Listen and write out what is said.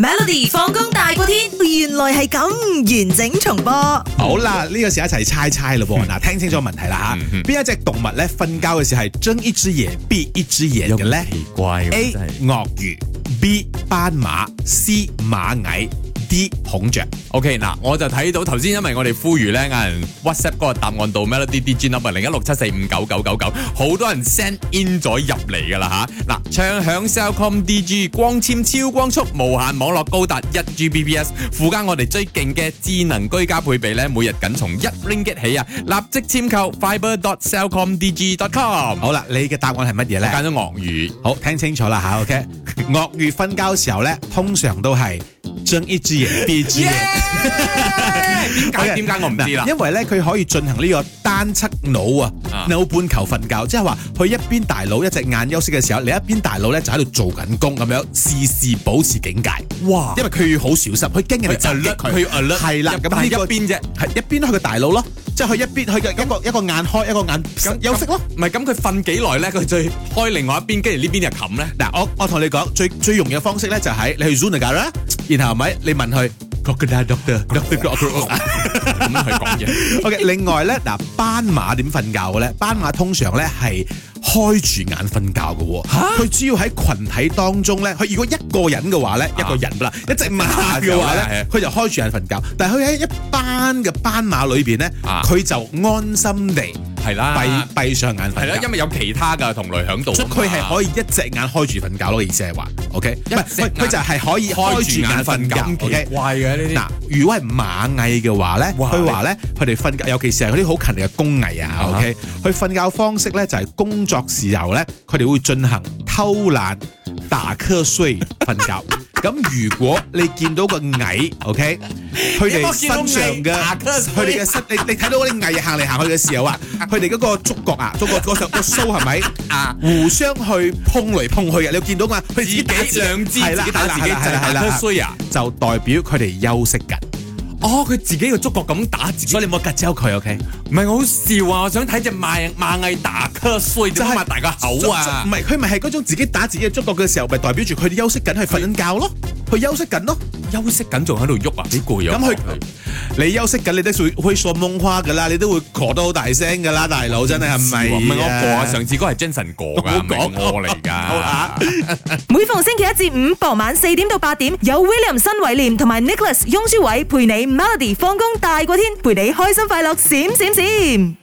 Melody 放工大過天，原來係咁完整重播。好啦，呢、這個時候一齊猜猜咯。嗱、嗯，聽清楚問題啦吓，邊、嗯嗯、一隻動物咧，瞓覺嘅時係睜一隻眼，閉一隻眼嘅咧？奇怪，A 鱷魚，B 斑馬，C 螞蟻。啲孔雀，OK 嗱，我就睇到頭先，因為我哋呼籲咧，有人 WhatsApp 嗰個答案度 Melody D G number 零一六七四五九九九九，好多人 send in 咗入嚟噶啦吓，嗱，暢享 Cellcom D G 光纖超光速，無限網絡高達一 Gbps，附加我哋最勁嘅智能居家配備咧，每日僅從一 Ringgit 起啊！立即簽購 fiber.cellcom.dg.com。好啦，你嘅答案係乜嘢咧？揀咗鱷魚，好，聽清楚啦吓，OK，鱷魚瞓覺時候咧，通常都係。將一支嘢，第二支嘢。點解？點解我唔知啦？因為咧，佢可以進行呢個單側腦啊，腦半球瞓覺，即係話佢一邊大腦一隻眼休息嘅時候，另一邊大腦咧就喺度做緊工咁樣，時時保持警戒。哇！因為佢要好小心，佢驚人去襲擊佢。係啦，咁係一邊啫，係一邊係佢個大腦咯，即係佢一邊佢個一個一個眼開，一個眼休息咯。唔係，咁佢瞓幾耐咧？佢最開另外一邊，跟住呢邊就冚咧。嗱，我我同你講最最容易嘅方式咧，就係你去 run a girl。然後係咪？你問佢，doctor doctor doctor，咁樣去講嘢。OK，另外咧，嗱，斑馬點瞓覺嘅咧？斑馬通常咧係，開住眼瞓覺嘅喎，佢主要喺群體當中咧。佢如果一個人嘅話咧，一個人嗱一隻馬嘅話咧，佢就開住眼瞓覺。但係佢喺一班嘅斑馬裏邊咧，佢就安心地係啦，閉閉上眼瞓。係啦，因為有其他嘅同類喺度，佢係可以一隻眼開住瞓覺咯。意思係話，OK，因為佢就係可以開住眼瞓覺。OK，奇怪嘅呢啲。嗱，如果係螞蟻嘅話咧，佢話咧，佢哋瞓覺，尤其是係嗰啲好勤力嘅工蟻啊，OK，佢瞓覺方式咧就係工。作時由咧，佢哋會進行偷懶、打瞌睡、瞓覺。咁如果你見到個蟻，OK，佢哋身上嘅，佢哋嘅身，你你睇到嗰啲蟻行嚟行去嘅時候啊，佢哋嗰個觸角啊，觸角嗰上個鬚係咪啊？互相去碰嚟碰去嘅，你見到嘛？佢自己打自己，係啦，係啦，係啦，係啦，打瞌睡啊，就代表佢哋休息緊。哦，佢自己嘅觸角咁打自己，自己，所以你唔好格焦佢，OK？唔係我好笑啊，我想睇隻螞蟻螞蟻打瞌睡，即係擘大個口啊！唔係，就是，佢咪係嗰種自己打自己嘅觸角嘅時候，咪代表住佢哋休息緊，去瞓緊覺咯，佢他休息緊咯，休息緊仲喺度喐啊，幾攰又咁佢。去你休息緊，你都會開傻懵誇噶啦，你都會 call 得好大聲噶啦，大佬真係係咪？唔係我 call 啊，上次哥係 Jason call 噶，明我嚟噶。 每逢星期一至五傍晚四點到八點，有 William 新偉廉同埋 Nicholas 雍舒偉陪你 Melody 放工大過天，陪你開心快樂閃閃閃。閃閃閃閃